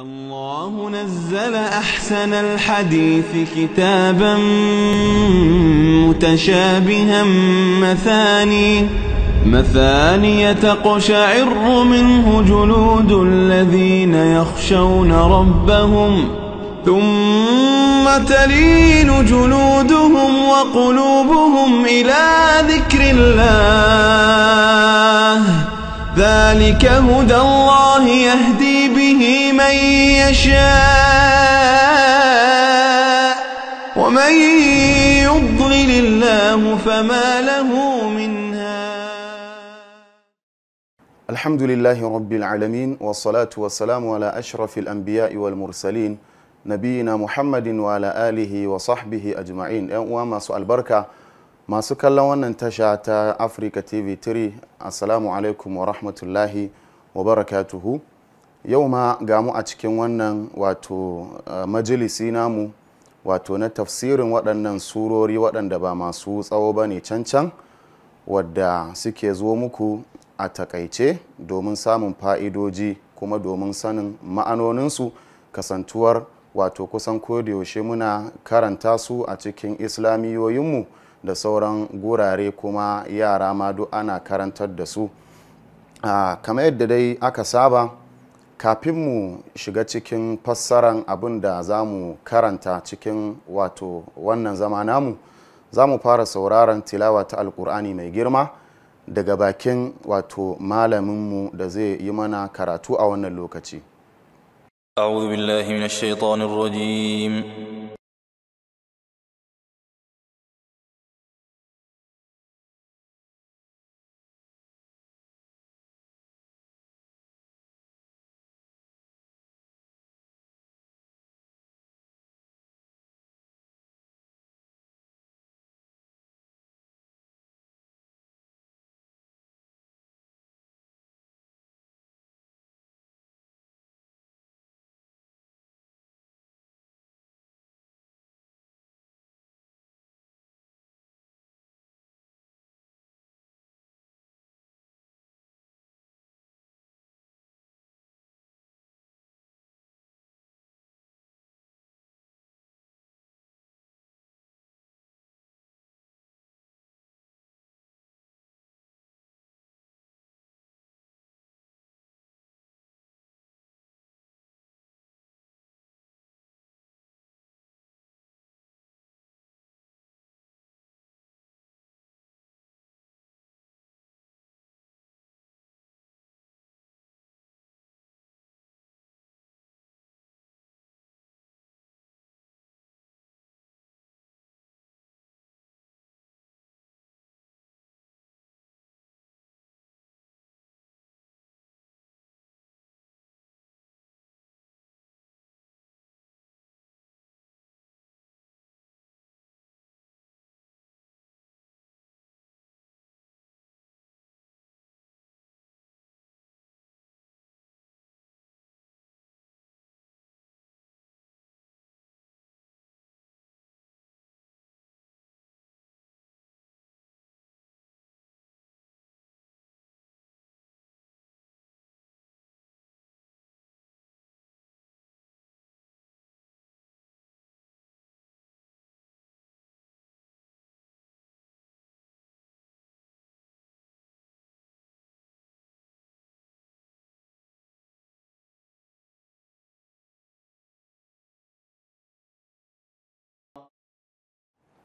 الله نزل أحسن الحديث كتابا متشابها مثاني مثاني تقشعر منه جلود الذين يخشون ربهم ثم تلين جلودهم وقلوبهم إلى ذكر الله ذلك هدى الله يهدي به من يشاء ومن يضلل الله فما له من هاد الحمد لله رب العالمين والصلاة والسلام على أشرف الأنبياء والمرسلين نبينا محمد وعلى آله وصحبه أجمعين وما سؤال بركة ما سكال لون tasha ta africa tv 3 السلام عليكم ورحمة الله وبركاته yau ma gamu a cikin wannan wato eh, majalisi namu wato na tafsirin waɗannan surori waɗanda ba masu tsawo ba ne can wadda suke zo muku a takaice domin samun fa'idoji kuma domin sanin ma'anoninsu kasantuwar wato kusan yaushe muna karanta su a cikin islamiyoyinmu da sauran gurare kuma yara ma duk ana karantar da su ah, kamar yadda dai aka saba kafin mu shiga cikin fassaran abin da za mu karanta cikin wato wannan zama namu za mu fara sauraron tilawa ta alkur'ani mai girma daga bakin wato malaminmu da zai yi mana karatu a wannan lokaci أعوذ بالله من الشيطان الرجيم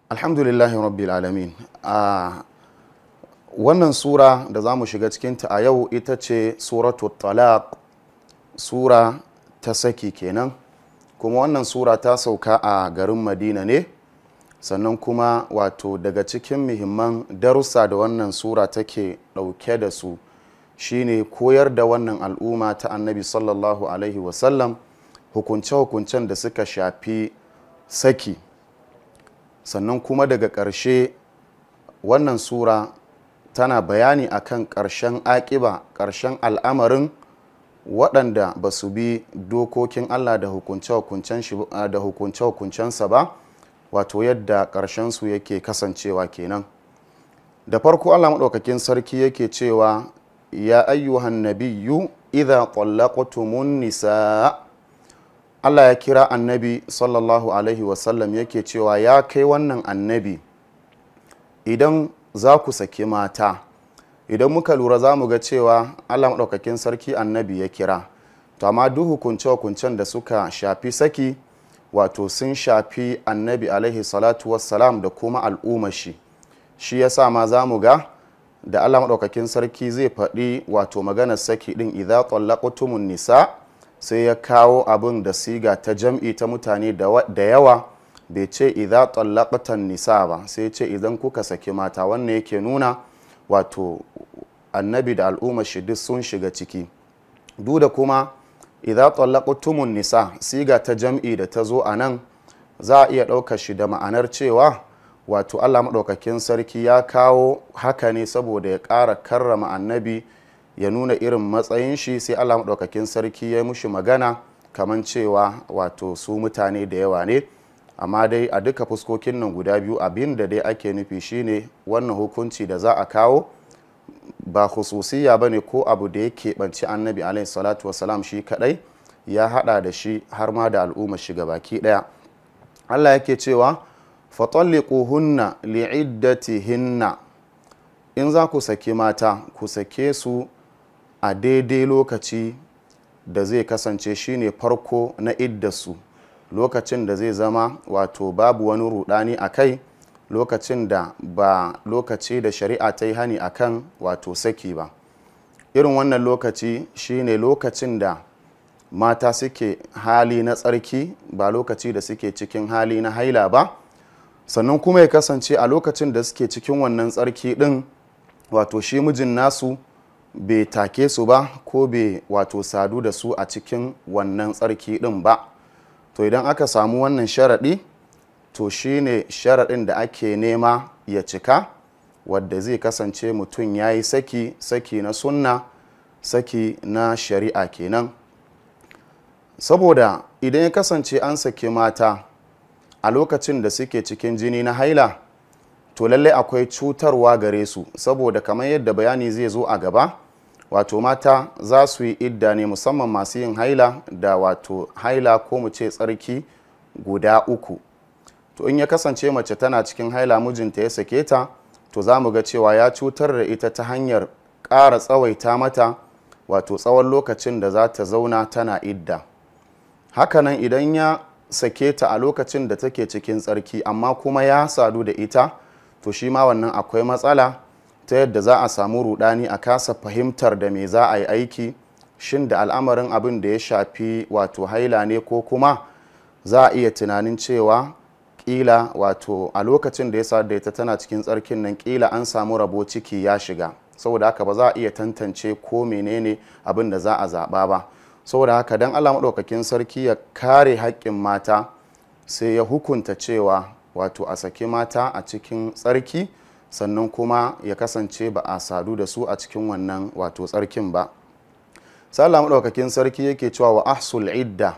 alhamdulillahi rabbil alamin a wannan sura da za mu shiga cikinta a yau ita ce suratu talaq sura ta saki kenan kuma wannan sura ta sauka a garin madina ne sannan kuma wato daga cikin muhimman darussa da wannan sura take ɗauke da su shine koyar da wannan al'umma ta annabi sallallahu alaihi wasallam hukunce-hukuncen da suka shafi saki sannan kuma daga ƙarshe wannan sura tana bayani akan ƙarshen aƙiba ƙarshen al'amarin waɗanda ba su bi dokokin allah da hukunce-hukuncensa ba wato yadda ƙarshen su yake kasancewa kenan da farko allah maɗaukakin sarki yake cewa ya ayyuhan nabiyyu idha tsallaqtumun nisa Allah ya kira annabi sallallahu alaihi wasallam yake cewa ya kai wannan annabi idan za ku saki mata idan muka lura za mu ga cewa Allah maɗaukakin sarki annabi ya kira to amma duk hukunce-hukuncen da suka shafi saki wato sun shafi annabi alaihi salatu wassalam da kuma al'umma shi shi ya sa ma za mu ga da Allah maɗaukakin sarki zai faɗi wato maganar saki ɗin idan tallaqtumun nisa' sai ya kawo abin da siga ta jam'i ta mutane da yawa bai ce idan tallaqtan nisa ba sai ce idan kuka saki mata wannan yake nuna wato annabi da al'umma shi duk sun shiga ciki duk da kuma idan tallaqtumun nisa siga ta jam'i da ta zo a nan za a iya ɗauka shi da ma'anar cewa wato Allah maɗaukakin sarki ya kawo haka ne saboda ya ƙara karrama annabi ya nuna irin matsayin shi sai allah maɗaukakin sarki ya yi mushi magana kamar cewa wato su mutane da yawa ne amma dai a duka fuskokin nan guda biyu abin da dai ake nufi shine wannan hukunci da za a kawo ba hususiya ba ne ko abu da ya keɓanci annabi alaihi salatu wasalam shi kaɗai ya haɗa da shi har ma da shi shiga baki ɗaya allah yake cewa fatalliquhunna li'iddatihinna in za ku saki mata ku sake su a daidai lokaci da zai kasance shine farko na idda su lokacin da zai zama wato babu wani rudani a kai lokacin da ba lokaci da shari'a ta yi hani a kan wato saki ba irin wannan lokaci shine lokacin da mata suke hali na tsarki ba lokaci da suke cikin hali na haila ba sannan kuma ya kasance a lokacin da suke cikin wannan tsarki din wato shi mijin nasu bai take su ba ko bai wato sadu da su a cikin wannan tsarki din ba to idan aka samu wannan sharaɗi to shi ne sharaɗin da ake nema ya cika wadda zai kasance mutum ya yi saki saki na sunna saki na shari'a kenan saboda idan ya kasance an saki mata a lokacin da suke cikin jini na haila to lallai akwai cutarwa gare su saboda kamar yadda bayani zai zo a gaba wato mata za su yi idda ne musamman masu yin haila da wato haila ko mu ce tsarki guda uku to in ya kasance mace tana cikin haila mijinta ya sake ta to za mu ga cewa ya cutar da ita ta hanyar ƙara tsawaita mata wato tsawon lokacin da za ta zauna tana idda hakanan idan ya sake ta a lokacin da take cikin tsarki amma kuma ya sadu da ita to shi ma wannan akwai matsala ta yadda za a samu rudani a kasa fahimtar da me za a yi aiki shin da al'amarin abin da ya shafi wato haila ne ko kuma za a iya tunanin cewa kila wato a lokacin da ya sa da ita tana cikin tsarkin nan kila an samu rabo ciki ya shiga saboda haka ba za a iya tantance ko menene abin da za a zaɓa ba saboda haka don allah maɗaukakin sarki ya kare haƙƙin mata sai ya hukunta cewa wato a saki mata a cikin tsarki sannan kuma ya kasance ba a sadu da su a cikin wannan wato tsarkin ba sallah maɗaukakin sarki yake cewa wa ahsul idda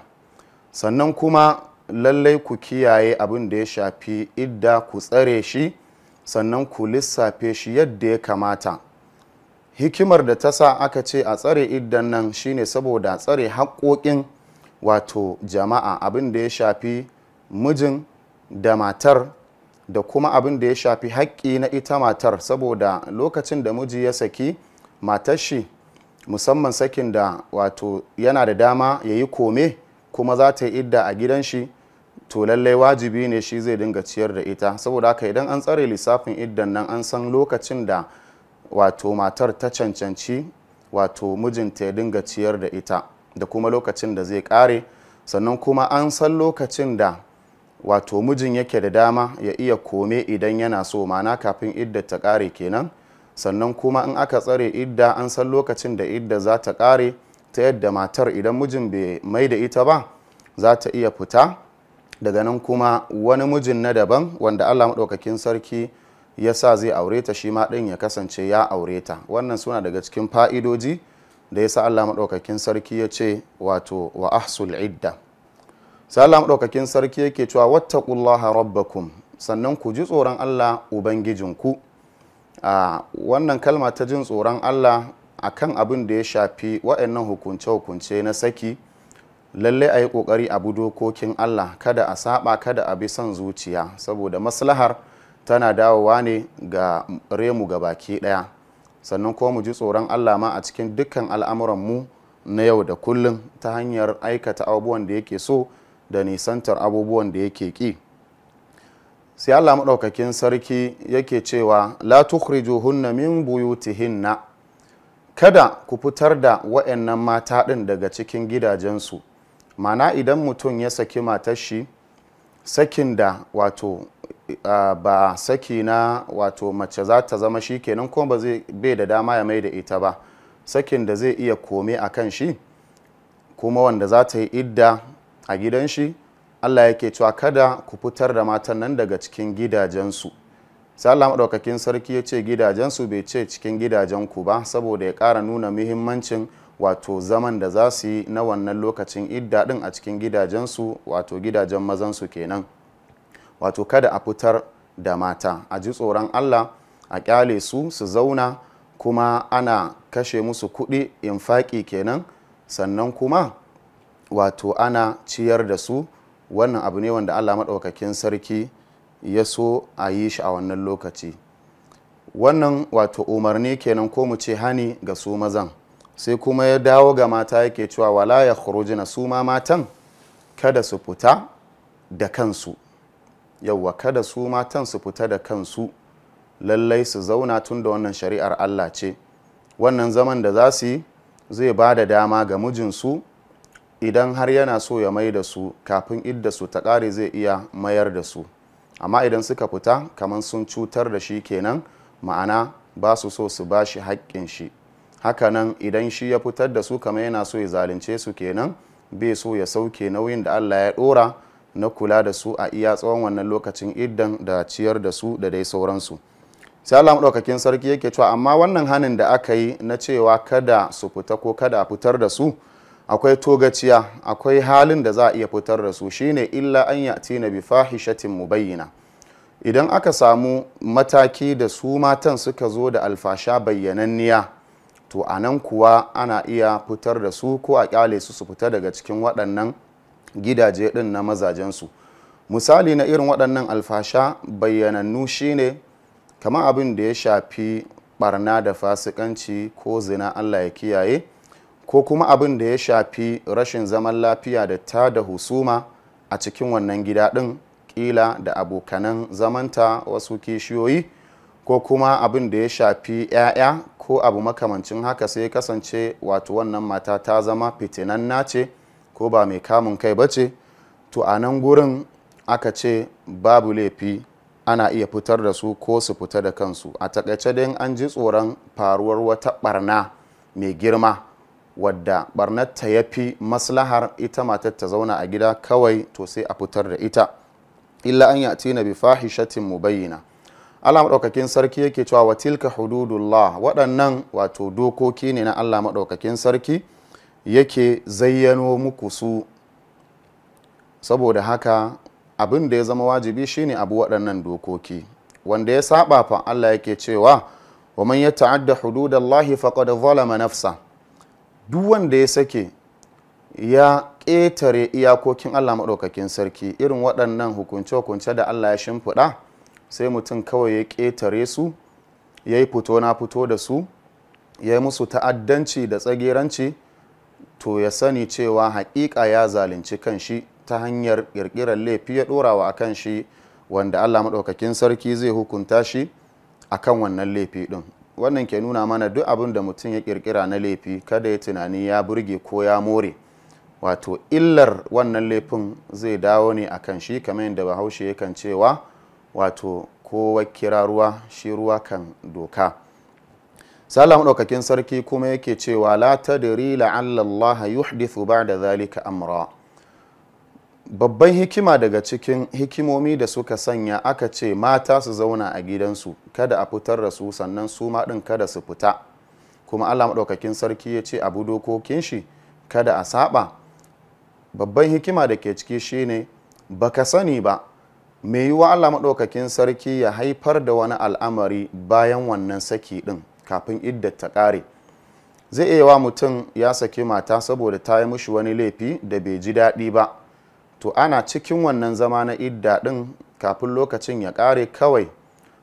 sannan kuma lallai ku kiyaye abin da ya shafi idda ku tsare shi sannan ku lissafe shi yadda ya kamata hikimar da ta sa aka ce a tsare iddan nan shine saboda tsare haƙoƙin wato jama'a abin da ya shafi mijin da matar da kuma abin da ya shafi haƙƙi na ita matar saboda lokacin da miji ya saki matar shi musamman sakin da wato yana da dama ya yi kome kuma za ta yi idda a gidan shi to lallai wajibi ne shi zai dinga ciyar da ita saboda haka idan an tsare lissafin iddan nan an san lokacin da wato matar ta cancanci wato mijinta ya dinga ciyar da ita da kuma lokacin da zai kare sannan kuma an san lokacin da wato mijin yake da dama ya iya kome idan yana so mana kafin idda ta ƙare kenan sannan kuma in aka tsare idda an san lokacin da idda za ta ƙare ta yadda matar idan mijin bai mai da ita ba za ta iya fita daga nan kuma wani mijin na daban wanda allah maɗaukakin sarki ya sa zai aure ta shi ma ɗin ya kasance ya aure ta wannan suna daga cikin fa'idoji da ya sa allah maɗaukakin sarki ya ce wato wa idda salam ɗaukakin sarki yake cewa wattaqullaha rabbakum sannan ku ji tsoron Allah ubangijinku a wannan kalma ta jin tsoron Allah akan abin da ya shafi waɗannan hukunce-hukunce na saki lalle a yi ƙoƙari a bi dokokin Allah kada a saba kada a bi son zuciya saboda maslahar tana dawowa ne ga remu ga baki ɗaya sannan kuma mu ji tsoron Allah ma a cikin dukkan mu na yau da kullum ta hanyar aikata abubuwan da yake so da nisantar abubuwan da yake ki sai Allah maɗaukakin sarki yake cewa la tukhrijuhunna min buyutihinna kada ku fitar da wa'annan mata ɗin daga cikin gidajensu mana idan mutum ya saki matar shi sakin da wato ba saki na wato mace za ta zama shi kenan kuma ba zai bai da dama ya mai da ita ba sakin da zai iya kome a kan shi kuma wanda za ta yi idda a gidan shi Allah yake cewa kada ku fitar da matan nan daga cikin gidajensu sai Allah maɗaukakin sarki ya ce gidajensu bai ce cikin gidajen ku ba saboda ya ƙara nuna muhimmancin wato zaman da za su yi na wannan lokacin idda ɗin a cikin gidajensu wato gidajen mazansu kenan wato kada a fitar da mata a ji tsoron Allah a kyale su su zauna kuma ana kashe musu kuɗi in infaƙi kenan sannan kuma wato ana ciyar da su wannan abu ne wanda allah maɗaukakin sarki ya so a yi shi a wannan lokaci wannan wato umarni kenan ko mu ce hani ga su mazan sai kuma ya dawo ga mata yake cewa wala ya na su ma matan kada su fita da kansu yauwa kada su matan su fita da kansu lallai su zauna tun da wannan shari'ar allah ce wannan zaman da za su yi zai ba da dama ga mijinsu idan har yana so ya mai da su kafin idda su ta ƙare zai iya mayar da su amma idan suka fita kamar sun cutar da shi kenan ma'ana ba su so su ba shi haƙƙin shi hakanan idan shi ya fitar da su kamar yana so ya zalunce su kenan bai so ya sauke nauyin da allah ya ɗora na kula da su a iya tsawon wannan lokacin iddan da ciyar da su da dai sauransu sai allah maɗaukakin sarki yake cewa amma wannan hanin da aka yi na cewa kada su fita ko kada a fitar da su akwai togaciya akwai halin da za a iya fitar da su shine illa an ya'ti na bi fahishatin mubayyana idan aka samu mataki da su matan suka zo da alfasha bayyananniya to a nan kuwa ana iya fitar da su ko a kyale su su fita daga cikin waɗannan gidaje ɗin na mazajensu misali na irin waɗannan alfasha bayyanannu shine kamar abin da ya shafi barna da fasikanci ko zina allah ya kiyaye ko kuma abin da ya shafi rashin zaman lafiya da ta da husuma a cikin wannan gida ɗin kila da abokanan zamanta wasu kishiyoyi ko kuma abin da ya shafi 'ya'ya ko abu makamancin haka sai kasance wato wannan mata ta zama na ce ko ba mai kamun kai ba ce to a nan gurin aka ce babu laifi ana iya fitar da su ko su fita da kansu a taƙaice dai an ji tsoron faruwar wata ɓarna mai girma wadda barnatta ya fi maslahar ita matar ta zauna a gida kawai to sai a fitar da ita illa an ya Tina bi fahishatin mubayyina Allah maɗaukakin sarki yake cewa wa tilka hududullah waɗannan wato dokoki ne na Allah maɗaukakin sarki yake zayyano muku su saboda haka abin da ya zama wajibi shine abu waɗannan dokoki wanda ya saba fa Allah yake cewa wa man yata'adda ta'adda hududallahi faqad zalama nafsa duk wanda ya sake ya ƙetare iyakokin Allah maɗaukakin sarki irin waɗannan hukunce-hukunce da Allah ya shimfiɗa sai mutum kawai ya ƙetare su ya yi fito na fito da su ya yi musu ta'addanci da tsagiranci to ya sani cewa haƙiƙa ya zalunci kan shi ta hanyar ƙirƙirar laifi ya ɗorawa a kan shi wanda Allah maɗaukakin sarki zai hukunta shi akan wannan laifi ɗin wannan ke nuna mana duk abin da mutum ya kirkira na laifi kada ya tunani ya burge ko ya more wato illar wannan laifin zai dawo ne akan shi kamar yadda bahaushe yakan cewa wato kowa kira ruwa shi ruwa kan doka salamu ɗaukakin sarki kuma yake cewa la tadri la'allallaha Allah yuhdithu ba'da zalika amra babban hikima daga cikin hikimomi da suka sanya aka ce mata su zauna a gidansu kada a fitar da su sannan su ma ɗin kada su fita kuma allah maɗaukakin sarki ya ce abu dokokin shi kada a saba babban hikima da ke ciki shine baka sani ba mai yiwuwa allah maɗaukakin sarki ya haifar da wani al'amari bayan wannan saki ɗin kafin iddar ta ƙare zai iya wa mutum ya saki mata saboda ta yi mushi wani laifi da bai ji daɗi ba to ana cikin wannan zama na idda din kafin lokacin ya kare kawai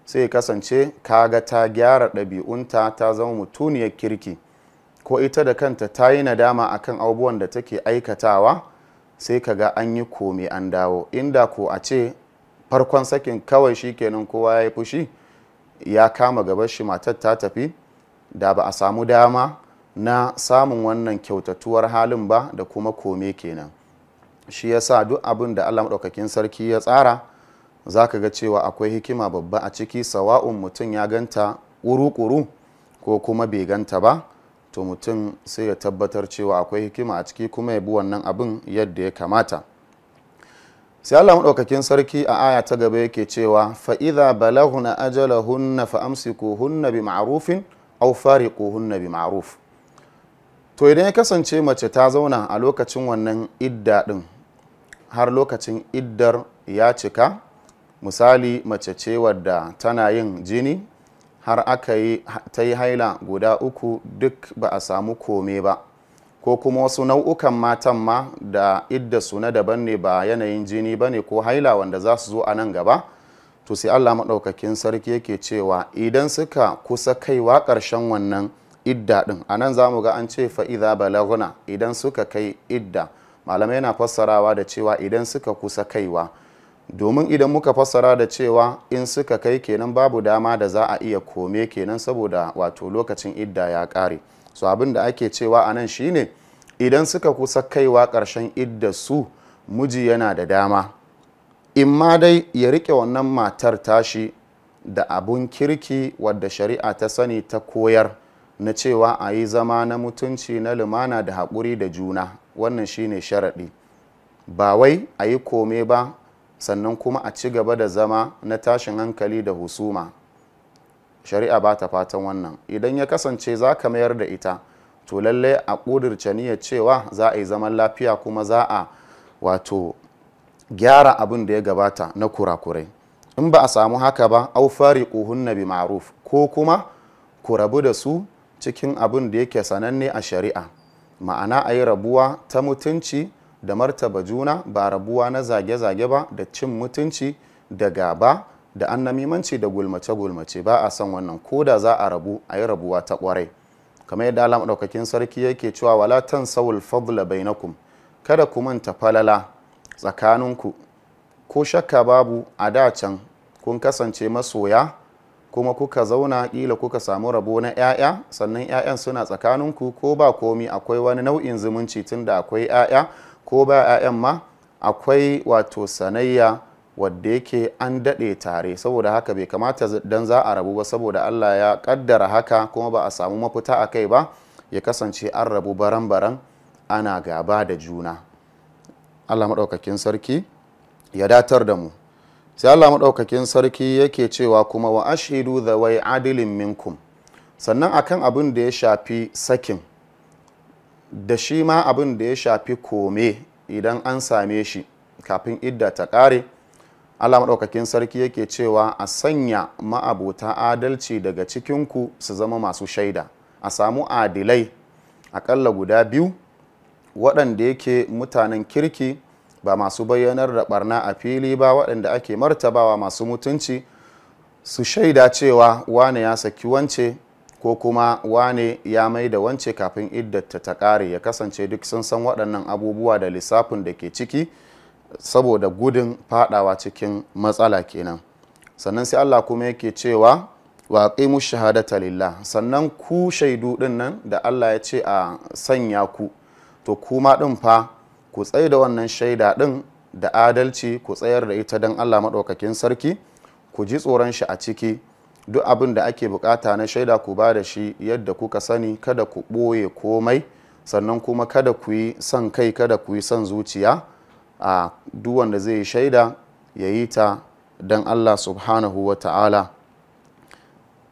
sai kasance kaga ta gyara ɗabi'unta ta zama mutuniyar kirki ko ita da kanta ta yi nadama akan abubuwan da take aikatawa sai kaga an yi kome an dawo inda ko a ce farkon sakin kawai shi kenan kowa ya yi fushi ya kama gabar shi matar ta tafi da ba a samu dama na samun wannan kyautatuwar halin ba da kuma kome kenan shi ya sa duk abin da Allah maɗaukakin sarki ya tsara za ka ga cewa akwai hikima babba a ciki sawa'un mutum ya ganta ƙuru-ƙuru ko kuma bai ganta ba to mutum sai ya tabbatar cewa akwai hikima a ciki kuma ya bi wannan abin yadda ya kamata sai Allah maɗaukakin sarki a aya ta gaba yake cewa fa'iza balahuna ajalahunna ajala. hunna bi ma'arufin aw fariquhunna bi ma'aruf to idan ya kasance mace ta zauna a lokacin wannan idda din. har lokacin iddar ya cika misali mace ce wadda tana yin jini har aka yi ta yi haila guda uku duk ba a samu kome ba ko kuma wasu nau'ukan matan ma da idda su na daban ne ba yanayin jini ba ne ko haila wanda za su zo a nan gaba to sai allah maɗaukakin sarki yake cewa idan suka kusa kaiwa ƙarshen wannan idda ɗin a nan za mu ga an ce fa'iza balaguna idan suka kai idda malamai na fassarawa da cewa idan suka kusa kaiwa domin idan muka fassara da cewa in suka kai kenan babu dama da za a iya kome kenan saboda wato lokacin idda ya kare so abin da ake cewa a nan shine idan suka kusa kaiwa karshen idda su muji yana da dama in ma dai ya rike wannan matar tashi da abun kirki wadda shari'a ta sani ta koyar na cewa a yi zama na mutunci na lumana da haƙuri da juna wannan shine sharaɗi ba wai a yi kome ba sannan kuma a ci gaba da zama na tashin hankali da husuma shari'a ba ta fatan wannan idan ya kasance za ka mayar da ita to lallai a ƙudurce niyyar cewa za a yi zaman lafiya kuma za a wato gyara abin da ya gabata na kurakurai in ba a samu haka ba au fariquhunna bi ma'ruf ko kuma ku rabu da su cikin abin da yake sananne a shari'a ma'ana a yi rabuwa ta mutunci da martaba juna ba rabuwa na zage-zage ba da cin mutunci da gaba da annamimanci da gulmace-gulmace ba a son wannan ko da za a rabu a yi rabuwa ta kwarai kamar yadda alama daukakin sarki yake cewa wala sawul fadla bainakum kada ku manta falala tsakaninku ko shakka babu a da can kun kasance masoya kuma kuka zauna ƙila kuka samu rabo na 'ya'ya sannan 'ya'yan suna tsakaninku ko ba komi akwai wani nau'in zumunci tunda akwai 'ya'ya ko ba 'ya'yan ma akwai wato sanayya wadda yake an daɗe tare saboda haka bai kamata don za a rabu ba saboda Allah ya ƙaddara haka kuma ba a samu mafita a kai ba ya kasance an rabu baran-baran ana gaba da juna Allah maɗaukakin sarki ya datar da mu sai Allah maɗaukakin sarki yake cewa kuma wa ashidu da wai adilin minkum sannan akan abin da ya shafi sakin da shi ma abin da ya shafi kome idan an same shi kafin idda ta ƙare Allah maɗaukakin sarki yake cewa a sanya ma'abuta adalci daga cikinku su zama masu shaida a samu adilai aƙalla guda biyu waɗanda yake mutanen kirki ba masu bayyanar da barna a fili ba waɗanda ake martabawa masu mutunci su shaida cewa wane ya saki wance ko kuma wane ya mai da wance kafin iddata ta ƙare ya kasance duk sun san waɗannan abubuwa da lissafin da ke ciki saboda gudun fadawa cikin matsala kenan sannan sai Allah kuma yake cewa wa mu shahadata lillah sannan ku shaidu ɗin nan da Allah ya ce a sanya ku to kuma ɗin fa ku tsaye da wannan shaida ɗin da adalci ku tsayar da ita don Allah maɗaukakin sarki ku ji tsoron shi a ciki duk abin da ake bukata na shaida ku ba da shi yadda kuka sani kada ku ɓoye komai sannan kuma kada ku yi son kai kada ku yi son zuciya a duk wanda zai yi shaida ya yi ta don Allah subhanahu wa ta'ala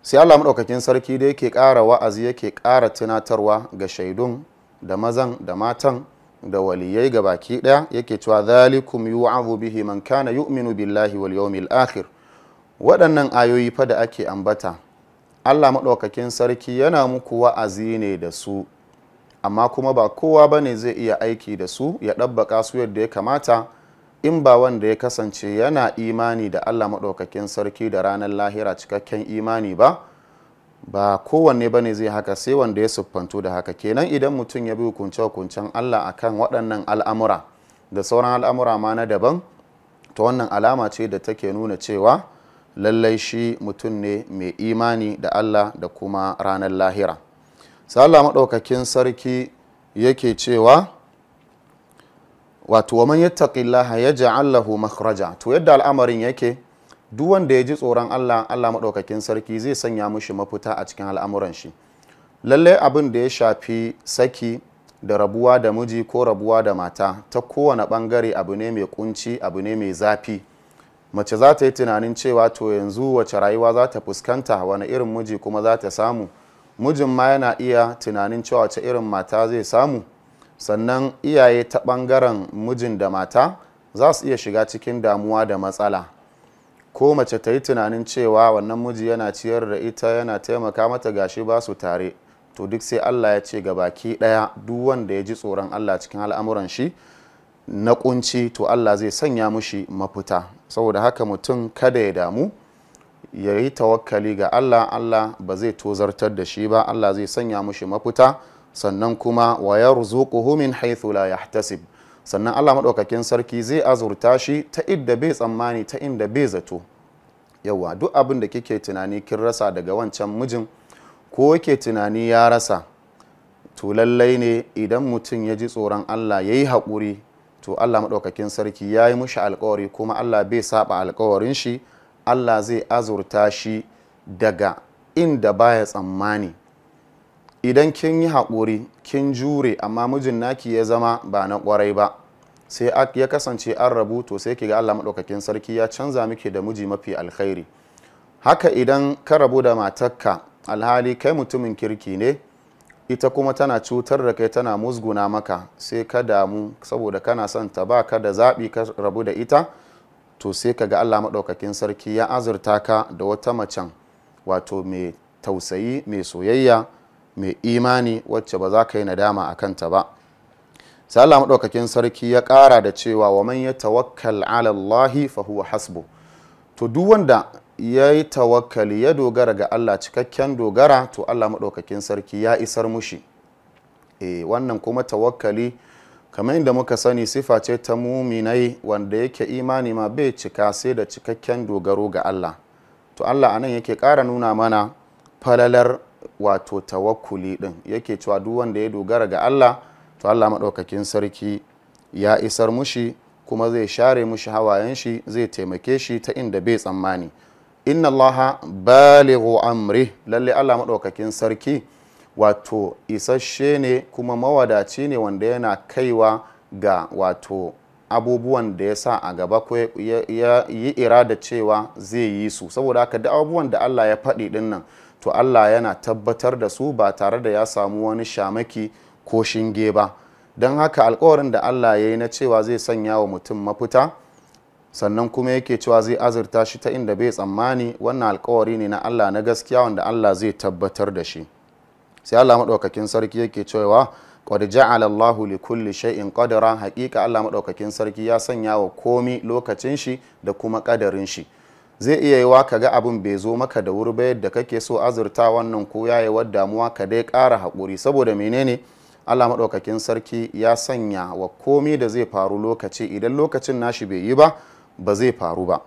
sai Allah maɗaukakin sarki da yake ƙara wa'azi yake ƙara tunatarwa ga shaidun da mazan da matan da waliyai ga baki daya, yake cewa zalikum yu'azu bihi man kana yu'minu billahi wal yawmil akhir waɗannan ayoyi fa da ake ambata Allah maɗaukakin sarki yana muku wa'azi ne da su amma kuma ba kowa bane zai iya aiki da su ya ɗabbaka su yadda ya kamata in ba wanda ya kasance yana imani da Allah maɗaukakin sarki da ranar lahira cikakken imani ba ba kowanne bane zai haka sai wanda ya siffantu da haka kenan idan mutum ya bi hukunce-hukuncen Allah akan waɗannan al'amura da sauran al'amura ma na daban ta wannan alama ce da take nuna cewa lallai shi mutum ne mai imani da Allah da kuma ranar lahira sallah maɗaukakin sarki yake cewa wato wa man yattaqillaha yaj'al lahu makhraja to yadda al'amarin yake duk wanda ya ji tsoron Allah Allah maɗaukakin sarki zai sanya mushi mafita a cikin al'amuran shi lalle abin da ya shafi saki da rabuwa da miji ko rabuwa da mata ta kowane ɓangare abu ne mai kunci abu ne mai zafi mace za ta yi tunanin cewa to yanzu wace rayuwa za ta fuskanta wani irin miji kuma za ta samu mijin ma yana iya tunanin cewa wace irin mata zai samu sannan iyaye ta ɓangaren mijin da mata za su iya shiga cikin damuwa da matsala ko mace ta yi tunanin cewa wannan miji yana ciyar da ita yana taimaka mata gashi ba su tare to duk sai Allah ya ce ga baki daya duk wanda ya ji tsoron Allah cikin al'amuran shi na kunci to Allah zai sanya mushi mafita saboda haka mutum kada ya damu ya yi tawakkali ga Allah Allah ba zai tozartar da shi ba Allah zai sanya mushi mafita sannan kuma wa yarzuquhu min haythu la yahtasib sannan Allah maɗaukakin sarki zai azurta shi ta inda bai tsammani ta inda bai zato yawa duk abin da kike tunani kin rasa daga wancan mijin ko yake tunani ya rasa to lallai ne idan mutum ya ji tsoron Allah ya yi haƙuri to Allah maɗaukakin sarki ya yi mushi alkawari kuma Allah bai saɓa alkawarin shi Allah zai azurta shi daga inda baya tsammani idan kin yi haƙuri kin jure amma mijin naki ya zama ba na ƙwarai ba sai ya kasance an rabu to sai ki ga Allah maɗaukakin sarki ya canza miki da miji mafi alkhairi haka idan ka rabu da matarka alhali kai mutumin kirki ne ita kuma tana cutar da kai tana musguna maka sai ka damu saboda kana son ta ba ka da zaɓi ka rabu da ita to sai ka ga Allah maɗaukakin sarki ya azurta ka da wata macen wato mai tausayi mai soyayya mai imani wacce ba za ka yi nadama a kanta ba sai maɗaukakin sarki ya ƙara da cewa wa man ya tawakkal ala Allahi fa huwa to duk wanda ya yi tawakkali ya dogara ga Allah cikakken dogara to Allah maɗaukakin sarki ya isar mushi e wannan kuma tawakkali kamar yadda muka sani sifa ce ta muminai wanda yake imani ma bai cika sai da cikakken dogaro ga Allah to Allah anan yake ƙara nuna mana falalar wato tawakuli din yake cewa duk wanda ya dogara ga Allah to Allah maɗaukakin sarki ya isar mushi kuma zai share mushi hawayen shi zai taimake shi ta inda bai tsammani inna Allah balighu amri lalle Allah maɗaukakin sarki wato isasshe ne kuma mawadaci ne wanda yana kaiwa ga wato abubuwan da ya sa a gaba ko ya yi irada cewa zai yi su saboda haka duk abubuwan da Allah ya faɗi dinnan. to Allah yana tabbatar da su ba tare da ya samu wani shamaki ko shinge ba don haka alkawarin da Allah ya yi na cewa zai sanya wa mutum mafita sannan kuma yake cewa zai azurta shi ta inda bai tsammani wannan alkawari ne na Allah na gaskiya wanda Allah zai tabbatar da shi sai Allah maɗaukakin sarki yake cewa qad ja'ala Allahu li kulli shay'in qadara haƙiƙa Allah maɗaukakin sarki ya sanya wa komi lokacin shi da kuma ƙadarin shi zai iya yiwa ka ga abin bai zo maka da wuri ba yadda kake so azurta wannan ko ya wadda damuwa ka dai ƙara haƙuri saboda menene Allah maɗaukakin sarki ya sanya wa komi da zai faru lokaci idan lokacin nashi bai yi ba ba zai faru ba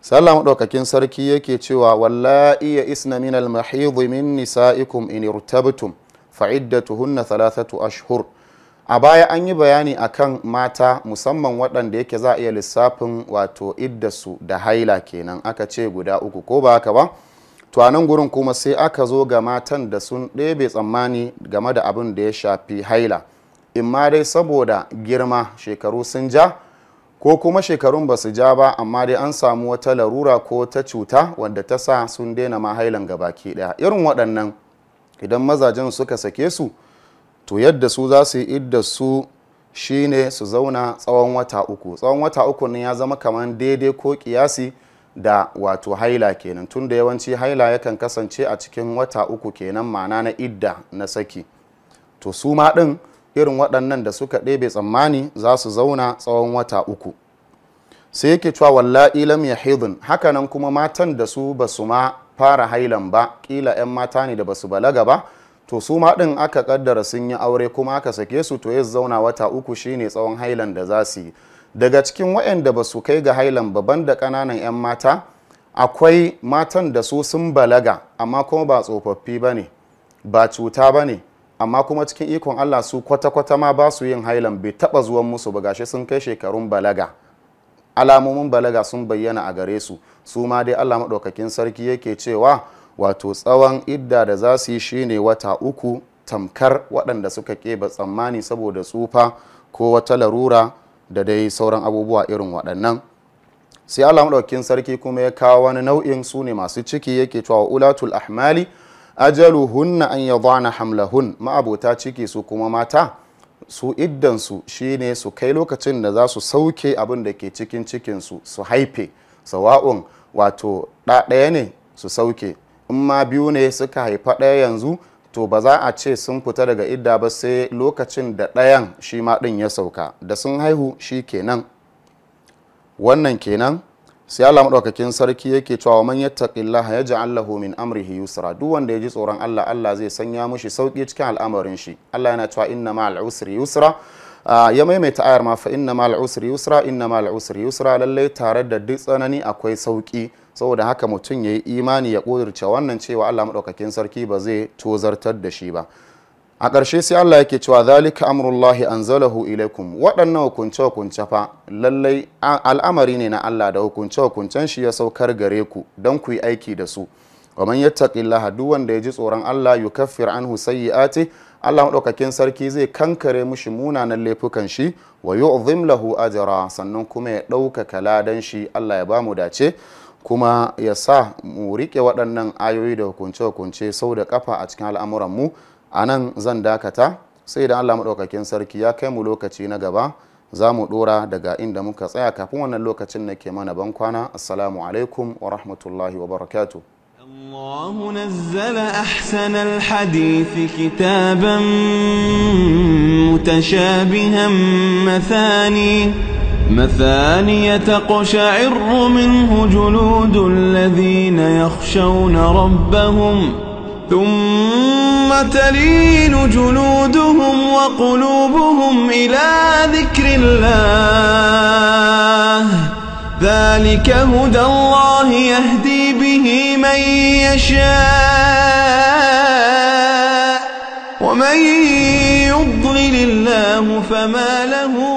sallah maɗaukakin sarki yake cewa wallahi iya isna min al min nisaikum in irtabtum fa'idda tuhunna thalathatu ashhur a baya an yi bayani akan mata musamman waɗanda yake za a iya lissafin wato iddasu da haila kenan aka ce guda uku ko ba haka ba to nan gurin kuma sai aka zo ga matan da sun ɗebe tsammani game da abin da ya shafi haila in dai saboda girma shekaru sun ja ko kuma shekarun ba su ja ba amma dai an samu wata larura ko ta cuta wadda ta sa sun daina ma hailan gabaki ɗaya irin waɗannan idan mazajen suka sake su to yadda su za su yi idda su shine su zauna tsawon wata uku tsawon wata uku ne ya zama kamar daidai ko kiyasi da wato haila kenan tunda yawanci haila yakan kasance a cikin wata uku kenan ma'ana na idda na saki to su ma ɗin irin waɗannan da suka ɗebe tsammani za su zauna tsawon wata uku sai yake cewa wallahi lam yahidun hakanan kuma matan da su ba su ma fara hailan ba kila 'yan mata ne da ba su balaga ba to su ma din aka kaddara sun yi aure kuma aka sake su to ya zauna wata uku shine tsawon hailan da za su yi daga cikin waɗanda ba su kai ga hailan baban da ƙananan 'yan mata akwai matan da su sun balaga amma kuma ba tsofaffi ba ne ba cuta ba ne amma kuma cikin ikon allah su kwata-kwata ma ba su yin hailan bai taɓa zuwan musu ba gashi sun kai shekarun balaga alamomin balaga sun bayyana a gare su su ma dai allah maɗaukakin sarki yake cewa wato tsawon idda da za su yi shine wata uku tamkar waɗanda suka keɓe tsammani saboda tsufa ko wata larura da dai sauran abubuwa irin waɗannan sai allah maɗaukin sarki kuma ya kawo wani nau'in su ne masu ciki yake cewa ulatul ahmali ajaluhunna an yadhana hamlahun ma'abota ciki su kuma mata su iddansu shine su kai lokacin da za su sauke abin da ke cikin cikinsu su haife sawa'un wato ɗaya ne su sauke in ma biyu ne suka haifa ɗaya yanzu to ba za a ce sun fita daga idda ba sai lokacin da ɗayan shi ma ɗin ya sauka da sun haihu shi kenan wannan kenan sai Allah madaukakin sarki yake cewa man yattaqillaha yaj'al lahu min amrihi yusra duk wanda ya ji tsoron Allah Allah zai sanya mushi sauki cikin al'amarin shi Allah yana cewa inna ma'al usri yusra ya maimaita ayar ma fa inna ma'al usri yusra inna ma'al usri yusra lalle tare da duk tsanani akwai sauki saboda haka mutum ya yi imani ya ƙudurce wannan cewa Allah maɗaukakin sarki ba zai tozartar da shi ba a ƙarshe sai Allah yake cewa zalika amrullahi anzalahu ilaikum waɗannan hukunce hukunce fa lallai al'amari ne na Allah da hukunce hukuncen shi ya saukar gare ku don ku yi aiki da su wa man yattaqillaha duk wanda ya ji tsoron Allah yukaffir anhu sayyi'ati Allah maɗaukakin sarki zai kankare mushi munanan laifukan shi wa yu'zim lahu ajra sannan kuma ya ɗaukaka ladan shi Allah ya bamu dace kuma ya sa mu rike waɗannan ayoyi da hukunce-hukunce sau da kafa a cikin al'amuranmu a nan zan dakata sai da allah maɗaukakin sarki ya kai mu lokaci na gaba za mu ɗora daga inda muka tsaya kafin wannan lokacin na ke mana ban kwana assalamu alaikum wa rahmatullahi wa barakatu الله نزل أحسن الحديث كتابا متشابها مثاني مثانية تقشعر منه جلود الذين يخشون ربهم ثم تلين جلودهم وقلوبهم إلى ذكر الله ذلك هدى الله يهدي به من يشاء ومن يضلل الله فما له